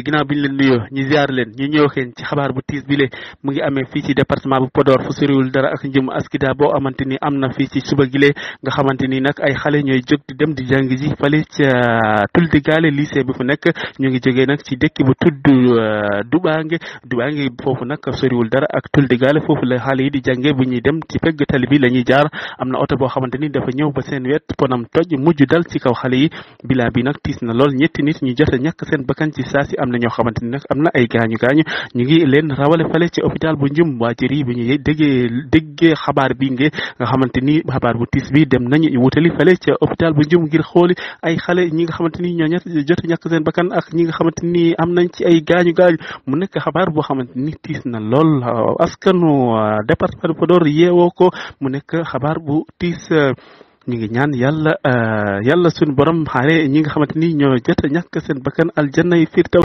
ginnaaw bi ñu leen nuyoo ñu ziar leen ñu ñëw xeen ci xabaar bu tiis bi le mu ngi amee fii ci bu Podor fu soriwul dara ak njëm askida boo xamante ni am na fii ci suba gi le nga xamante ni nag ay xale ñooy jóg di dem di jàng ji fale ca euh, Tuldigaale lycée bi fu nekk ñu ngi jógee nag ci dëkk bu tudd euh, Dubaange Dubaange foofu nag soriwul dara ak Tuldigaale foofu la xale yi di jànge bu ñuy dem ci pegg tali bi la ñuy jaar am na oto boo xamante ni dafa ñëw ba seen wet ponam toj mujj dal ci kaw xale yi bilaa bi na lool a ñàkk am na ñoo xamante ni nag am na ay gaañu gaañu ñu ngi leen rawale fale ci hôpital bu njum waajëri bi ñu déggee déggee xabaar bi nge nga xamante ni xabaar bu tiis bi dem nañu wutali fale ci hôpital bu njum ngir xooli ay xale ñi nga xamante ni ñoo ñett jot ñàkk seen bakkan am nañ ay gaañu gaañu mu nekk xabaar boo xamante tiis na lool askanu euh, département de Podor yeewoo ko mu nekk xabaar bu tiis euh, ñu ngi ñaan yàlla euh, yàlla suñu borom xaare ñi nga xamante ni ñoo jot a ñàkk seen bakkan aljanna yi fiir taw